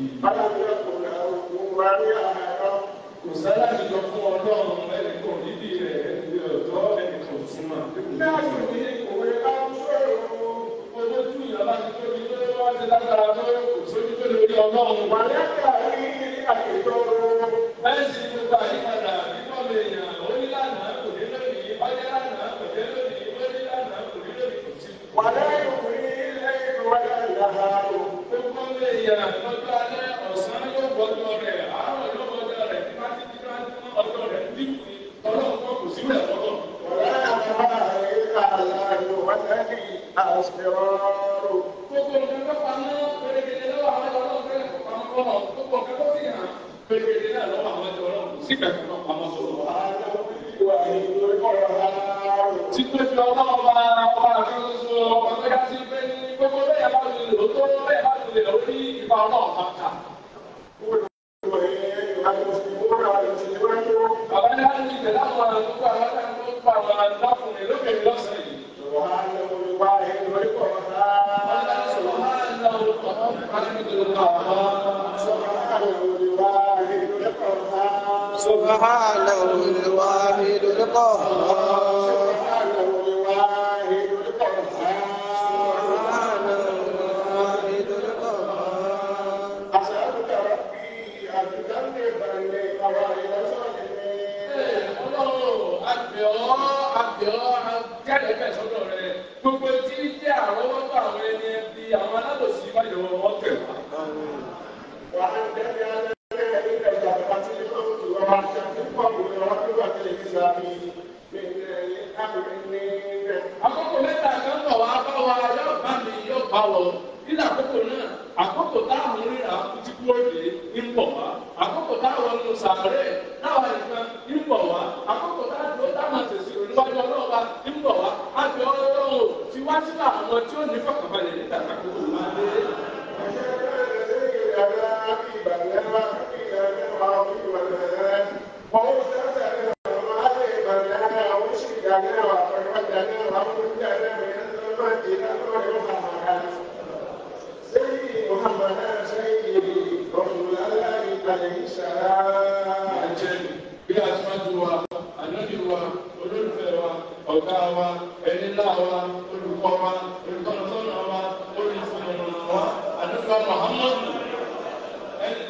alágbèrè kò ká gbogbo ayé àmọ́ kò sáyà nìjọ fún ọlọ́run ẹni kò níbi rẹ̀ ẹni ọ̀dọ́ ẹni kò súnmọ́. náà sì ní òwe káwùsọ̀rọ̀ olójú ìyàbá ti tóbi tó wọ́n ti lágbára tó kò sójú tó lórí ọlọ́run. wà á yàtọ̀ àrí àkèjọ bẹ́ẹ̀ sì gbogbo àyípadà nínú ọ̀bẹ èèyàn ó ní lánàá kò ní lónìí ọjọ́ lánàá kò ní lónìí ó ní lánàá kò ní lónìí kò sí. wà á àṣírọ́rù. gbogbo nǹkan tó pamọ́ pèrèkèdè lọ́wọ́ àwọn ẹ̀jọ̀ náà fẹ́rẹ̀ kó pamọ́ fọ́mọ́ gbogbo nǹkan tó sì hàn pèrèkèdè náà lọ́wọ́ àwọn ẹ̀jọ̀ náà kò sí ìgbàgbọ́ náà pamọ́ sọ̀rọ̀. tí pé fi ọlọ́run bá ọba àtúnṣe ọkọ̀ tó yá sí pé gbogbo bẹ́ẹ̀ bá ti lè tó bẹ́ẹ̀ bá ti lè lórí ìfà ọlọ́run bá ta. Bàbá ní láti ṣe láwọn àtúntò àwọn àtàkùn tó pa àwọn àtàkùn lókè Yeah.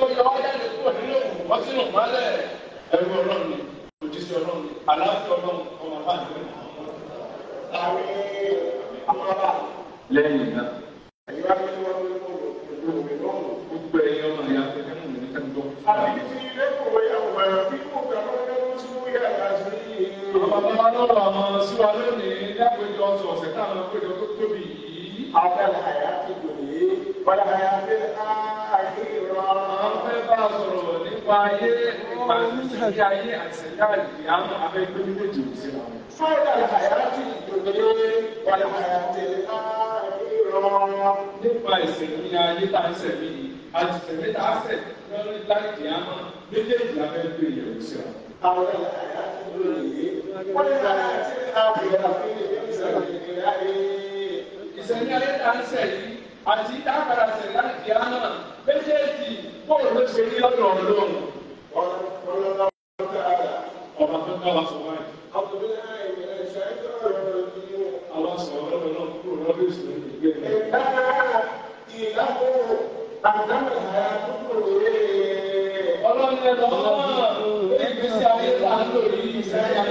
tó yọ ọ́ jáde kúrò nínú wọ́n sínú mọ́lẹ̀ ẹ̀rú ọlọ́run ni òjísé ọlọ́run ni aláàfin ọlọ́run ọmọ bá mi láwé amọ́ra lẹ́yìn náà. ẹ̀yin wá bí wọ́n ń kó òwe lọ́rùn. gbogbo ẹ̀yin ọmọ ìyá àbí ti ilé kòwé ẹ̀rọ bí kò gbàgbọ́ lọ́wọ́ sí wúyà àti àwọn bàbá lọ́rọ̀ àwọn síwá lónìí lágbèjọ ọ̀sẹ̀ ọ̀sẹ̀ táwọn àgbèjọ tó tóbi yìí. abẹ́lẹ̀ àyà ti gbòye wọ́n àwọn fẹ́ bá a sọ̀rọ̀ nípa ayé ìpàdé ayé àtẹ̀dá ìyá abẹ́gbẹ́ méjèèjì sí wa. fáwọn àyàtì ìdòdòdó wà láyàtì ìrọ̀rùn. nípa ìsẹ̀mí ayé tá a sẹ̀mí àti sẹ̀mí tá a sẹ̀ lọ́rí láì ìyá méjèèjì abẹ́gbẹ́ ìyẹ̀wò sí wa. àwọn àyàtì ìdòdòdó wà láyàtì ìrọ̀rùn. ìsẹ̀mí ayé tá a sẹ̀ méjèèjì bóun ló ṣe ní lọ́dọ̀ ọlọ́run ọlọ́run ọba tó dá wa sọ wáyé. àwọn sọ̀rọ̀ lọ́dọ̀ náà kúrò lọ́dọ̀ ìṣòro ìgbẹ́ mi. ẹ̀ka ìyàwó àdámọ̀ àyà kúrò rèé. ọlọ́run ẹ̀ lọ́wọ́ ìgbésí ayé là ń lò yìí ìgbésí ayé.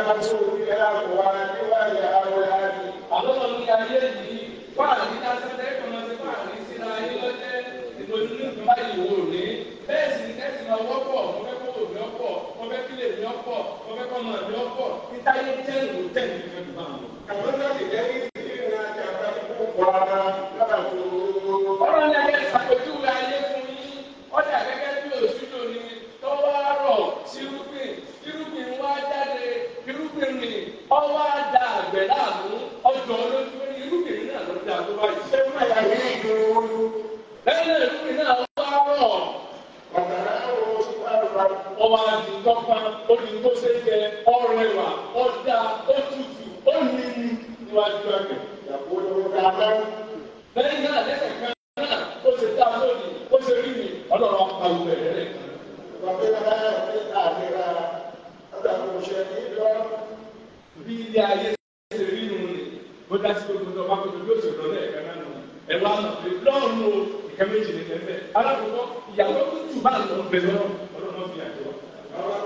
àkàtú ẹlẹ́kọ̀ọ́ wa níwáyà awolari. àbọ̀tọ̀ ní ayé yìí fáàlì kásẹ̀tẹ̀ kọ́nà sí fáàlì síra ayé lọ́jẹ́ ìtòjú ní ìgbà ìwò ní. bẹ́ẹ̀ sì ní kẹ́sì máa wọ́pọ̀ mo fẹ́ kó òbí ọ̀pọ̀ mo fẹ́ kílẹ̀ mi ọ̀pọ̀ mo fẹ́ kọ́mọ mi ọ̀pọ̀ kọ́kọ́ obìnrin tó ṣe jẹ ọrùn ẹwà ọjà òtútù òmìnir níwájú ẹgbẹ́ ìyàwó lọ́wọ́ dáadáa. lẹ́yìn náà lẹ́sẹ̀ kan náà ó ṣe dá lónìí ó ṣe rí mi ọlọ́run apá ìwé rẹ̀. bàbá ìlànà ẹ̀ àdéhà ọ̀dà òṣè nílọ. bí ilé ayé ṣe rí nu ni bó dá sí gbogbo ọba kòtò bí òṣèlú ọ̀lẹ́ ẹ̀ka náà nù. ẹ wá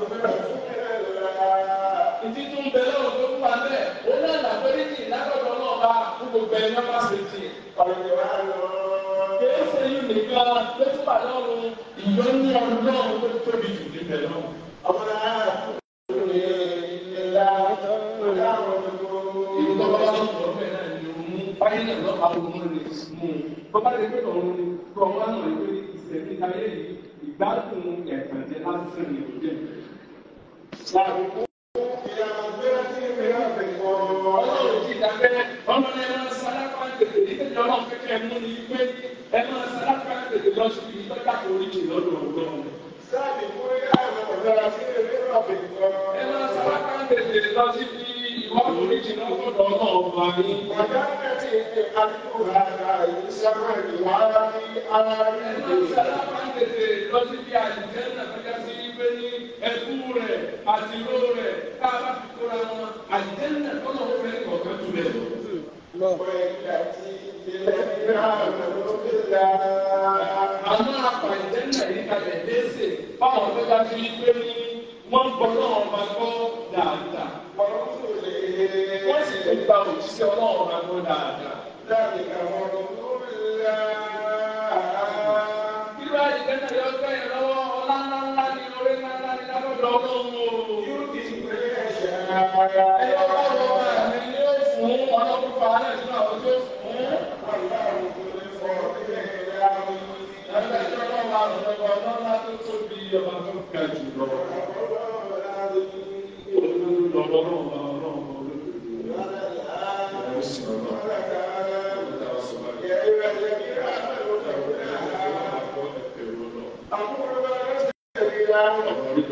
ìdí tó ń bẹ lọ́rùn tó fún wa bẹ́ẹ̀ ó náà làgbẹ́rẹ́jì lágbàdo náà bá fún gbogbo ẹni wọn bá ṣe ti. kìí ṣe yìí nìkan ló tún wà lọ́rùn ìyọ́nú ọdún náà tó tóbi jù níbẹ̀ náà. ọmọdé ara kò lè nílá ìlú tó bá wà lọ́rùn ọ̀bẹ náà ni òun mú báyìí náà lọ́pàá òun lè mú un. bọ́bá lè gbé òun ni kọ́ wọn náà lè gbé ìṣẹ̀lẹ̀ ayé yìí ìgbádùn ẹ̀kànjẹ́ lásìkò ìròyìn làbùkù ìyàwó bẹ́ẹ̀ tí mi náà fi kọ́ ọ. ọlọ́run ti dàbẹ́ ọmọ náà máa sálápá tètè nígbà tí ọlọ́run kẹ́kẹ́ mú ni pé ẹ máa sálápá tètè lọ sí ibi tó dàpọ̀ oríṣi lọ́dọ̀ ọlọ́run. sáàbùkù ìyàwó ọ̀dọ́ra sí ilé náà fi kọ́ ọ. ẹ máa sálápá tètè lọ sí ibi ìwọ́n oríṣi lọ́dọ̀ ọlọ́run. ọ̀gá àdúrà ìsámẹ́rin wàhálà ní ara rẹ̀. ẹ máa sálápá tètè lọ sí ibi àdìjẹ́ náà àti ìró rẹ̀ tá a bá fi kóra wọn àdìjẹ́ náà tó náà ó fẹ́ kọ̀ọ̀kan tu rẹ̀. Àwọn apàdé náà yìí kalẹ̀ léṣe báwọn tó bá fi gbé ní wọ́n gbọ́ náà gbọ́ dáadáa. Wọ́n sì lè gba òjíṣẹ́ ọlọ́run gbọ́ dáadáa. Láàrin àwọn ọmọ tó ń lé àá. Irú àyíká ńlá ńlá ní orí ńlá ńlá ní lábọ́dọ̀ ọlọ́run o. ẹ̀yọ́ bá lọ àmì ni ó fún ọdún tó fà á Thank you.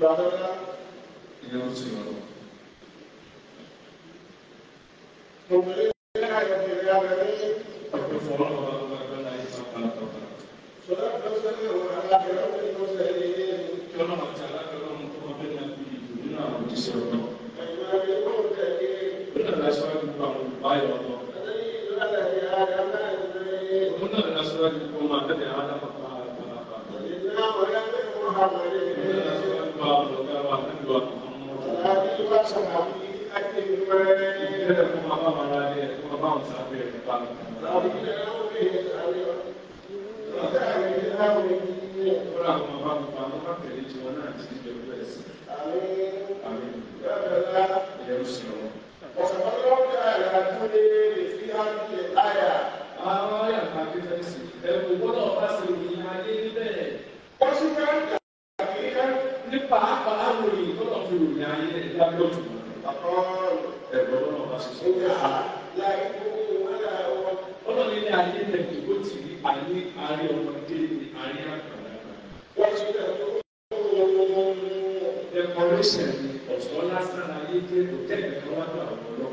പ്രാർത്ഥന ഇതിനോട് ചെയ്യണം Thank you. gbọ́. àbí wá sọ̀rọ̀ àbí káyé wẹ́rẹ́. ìbéèrè fún bàbá wọn rà lé ẹ̀kọ́ bàbá wọn sábẹ́ rẹ̀ bá mi. àbí ẹ̀rọ mi àrẹ ọ̀dà mi láwọn ẹni ní ẹ̀kọ́. bọ́lá àwọn bàbá mi pa àwọn akẹ́lẹ́ tí wọn náà ti di ìjọba bẹ́ẹ̀ sí. àmì ìyẹn sì lọ. ọ̀sán ọlọ́dà àtúndé lè fi hàn ní àyà. àwọn àyà kan bí fẹ́ sí. ẹ̀rù gbọ́dọ̀ bá sì ní ayé níbẹ̀. ó sì fẹ́ lójú ẹ̀gbọ́n náà bá ṣe sọ. ọlọ́ni ní ayé rẹ̀ ìbò tì í ayé àárín ọmọdé ní àárín àgbàlagbà. wọ́n ti rẹ̀ ẹ̀kọ́rẹ́sẹ̀ ọ̀sán lásán ayé jẹ́ òtẹ́ẹ̀lì kan wá gbà wọ́n lọ.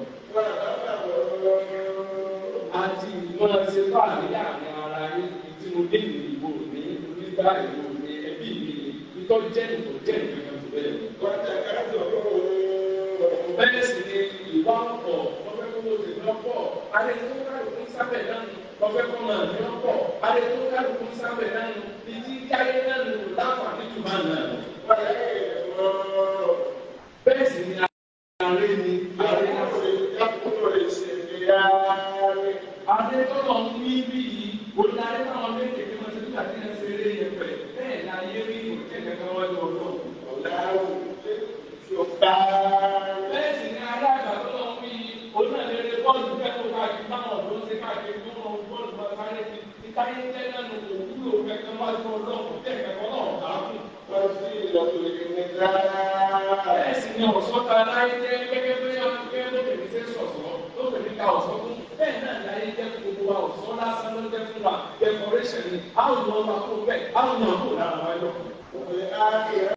àti ìmọ̀ ṣe bá àárín àárín ara yín tí mo dé ìdìbò mi nígbà ìbò mi ẹbí mi ìtọ́jẹ́ ìtọ́jẹ́ ìgbìyànjú bẹ́ẹ̀ bẹ́ẹ̀ sì ni ìwà ọ̀pọ̀ lọ́fẹ́ kó ló ti lọ́pọ̀ adé tó kálukú sábẹ̀ náà ni lọ́fẹ́ kó máa ní lọ́pọ̀ adé tó kálukú sábẹ̀ náà ni ìdí jáde náà ni láǹfààní jù máa nà ní. bẹ́ẹ̀ sì ni àárẹ̀ ni àárẹ̀ kókó lè ṣe ìgbéyà rẹ̀. adé tó lọ ń bí bí yìí olùdarí náà lè tètè mọ́ sí ọ̀dọ́ ọlọ́run tẹ̀ ẹ̀kọ́ náà bá kù. wọ́n sì lọ lè ní dáadáa. bẹ́ẹ̀ sì ni ọ̀sọ́ta láyé jẹ́ gẹ́gẹ́ bí akẹ́kẹ́ lóbìnrin ṣe sọ̀sọ́ lóbìnrin ká ọ̀sọ́ fún bẹ́ẹ̀ náà láyé jẹ́ gbogbo wa ọ̀sọ́ lásán ló jẹ́ fún wa decoration ni àwọn ọmọ akó bẹ́ẹ̀ àwọn ọmọ akó lára wa yọ.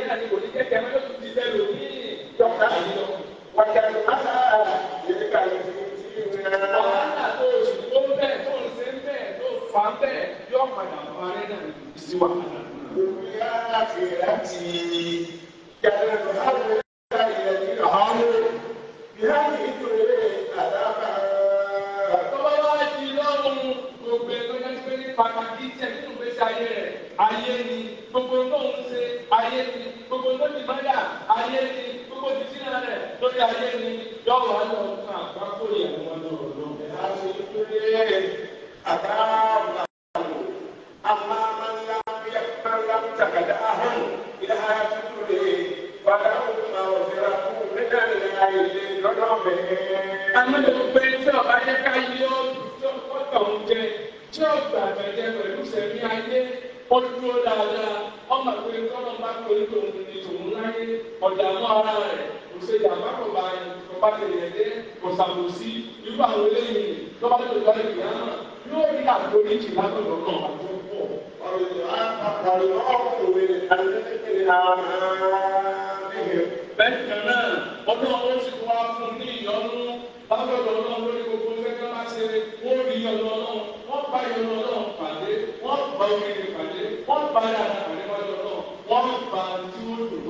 yìí náà ni kò ní jẹ́ tẹ̀mí ló tún ti lẹ́nu ní dọ́kítà yìí lọ. Wàjà ló bá sá èdè ká yìí ti ti rìn rẹ̀. Ọ̀rọ̀ náà tó o sì tó bẹ́ẹ̀ tó o ṣe bẹ́ẹ̀ tó o fa bẹ́ẹ̀ yóò padà fa rẹ̀ náà sí wa. Òkú yára fi láti yàtọ̀ ilé ayé ni yọ̀wọ̀ ayé ọ̀tún àgbákòrè àwọn ọ̀dọ́ ọ̀dọ́ ẹ̀ á ṣe nítorí ẹ̀ àdáàbò àmà ńlá bí ẹ̀ka ńlá tàkàdá ahọ́n ilé ayé tuntun rẹ̀ padà ọ̀hún máa ọ̀dẹ́ra fún nígbà ní ayé lọ́dọ̀ ọ̀bẹ̀. amúlò pé tí ọba yẹ ká yí ó tí ó ń jẹ tí ó gbà pẹ̀lú sẹ̀mí ayé ó dúró dáadáa ọmọ ìwé wáyé ọ̀dààmú ara rẹ̀ kò ṣe ìjàmbá kò bá yẹn kò bá tẹ̀lé ẹ̀dẹ́ kò ṣàbòsí irú àwọn eléyìí lọ́wọ́ tó lọ́wọ́ ìgbà náà yóò rí àforíjì látọ̀dọ̀ náà àtúntò. bẹ́ẹ̀ náà ọdún ọdún ti wá fún ní ìyọnu látọ̀dọ̀ náà lórí gbogbo sẹ́kẹ́ máa ṣe wọ́n rí ìyọnu náà wọ́n bá ìyọnu náà pàdé wọ́n bá ìyọnu pàdé wọ́n bá ìyọnu pàdé wọ́n bá tí ó dùn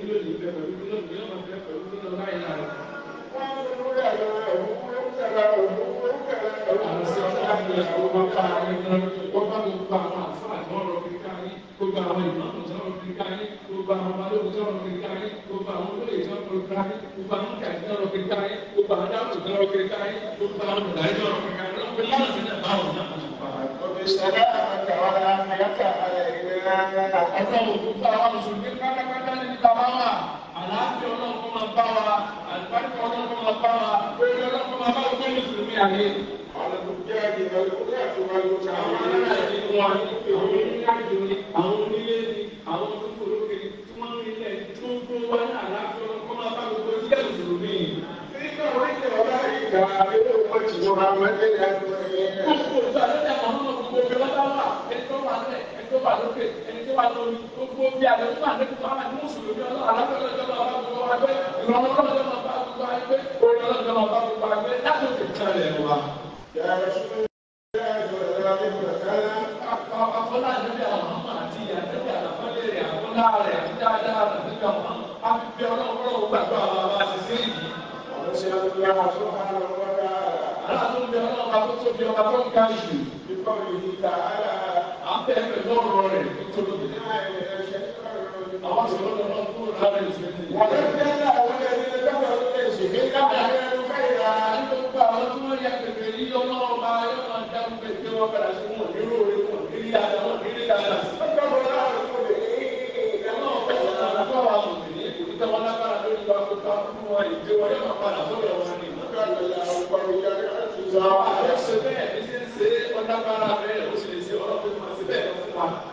lónìí bẹ pẹ̀lú mi lónìí yóò máa bẹ pẹ̀lú mi lọ báyìí lára. wọ́n ń lórí àwọn ọ̀hún ló ń tẹ̀lé ọ̀hún ló ń tẹ̀lé ọ̀hún. àwọn sí ọ̀sán àti ẹ̀kọ́ wọn bá àárín náà wọ́n bá gbogbo àwọn àfáà tó ọ̀rọ̀ kiri káyé gbogbo àwọn ìmọ̀ọ́mù tó ọ̀rọ̀ kiri káyé gbogbo àwọn balógun tó ọ̀rọ̀ kiri káyé gbogbo àwọn olóyè tó ọ̀rọ̀ kiri káyé gbogbo àwọn kàdí tó ọ̀rọ̀ kiri káyé gbogbo àwọn dáàbò tó ọ̀rọ̀ kiri káyé gbogbo àwọn mùdáyé tó ọ̀rọ̀ kiri káyé wọ́n fi láwọn sílẹ̀ báwọn náà. ọ̀bẹ̀sọ̀lá àtàwọn àyàtà àlẹ́ ìlera ọ̀tọ̀ òkúta wa mùsùlùmí pátápátá bàbá wa àlàáfíà ọlọ́run kó máa bá wa àlùbáríkà ọlọ́run kó máa bá wa orí ọlọ́run kó máa bá wa gbẹ́yìn sí mi àyè. àwọn ará ìlú wa àwọn onílẹ̀-èdè ni àwọn onílé ni àwọn olókòlókè ni tí wọ́n ń rí ilẹ̀ tó ń gbó wá ní àlàáfíà ọlọ́run kó máa bá gbogbo ìjẹ́ ìṣòro mi. nígbà orí ìjẹ́ ọ̀la kàdé owó ti wọ́n ra wọn lé rẹ̀. gbogbo ìgbà ló dẹ̀ mọ́ nínú gbogbo ibi wọ́n bá wà ẹni tó wà lẹ̀ ẹni tó wà lókè ẹni tó wà lórí gbogbo bí alẹ́ fún àdéhùn tó wà ní mùsùlùmí ọlọ́run alágbèlọ́jọ́ máa bá gbogbo wa gbé ìrànlọ́jọ́ máa bá gbogbo wa gbé orin ọlọ́jọ́ máa bá gbogbo wa gbé láti òkè tán rẹ̀ wá. Àwọn ṣe ń gbé àwọn jẹ́ ọba tó ń ká jù nípa òyìnbó ta ara àpẹ lọ́rọ̀ rẹ̀ nítorí pé àwọn tó lọ́dọ̀ náà kúrò lára ìṣẹ́ ní. wọ́n lè fẹ́ ní àwọn ilé ilé dábàá ló lè ṣe é dábàá ló lè fẹ́ ìlà. gbogbo àwọn tó wọ́n yà pèpè yí ọlọ́run bá yọ̀ máa dá gbogbo ìgbé wọn padà sí wọn nírò rẹ wọn nílé àná wọn nílé àná. ọjọ́ wọn láàrín fún mi ìdáná Àwọn ẹ̀ṣẹ̀ bẹ́ẹ̀ ní ṣe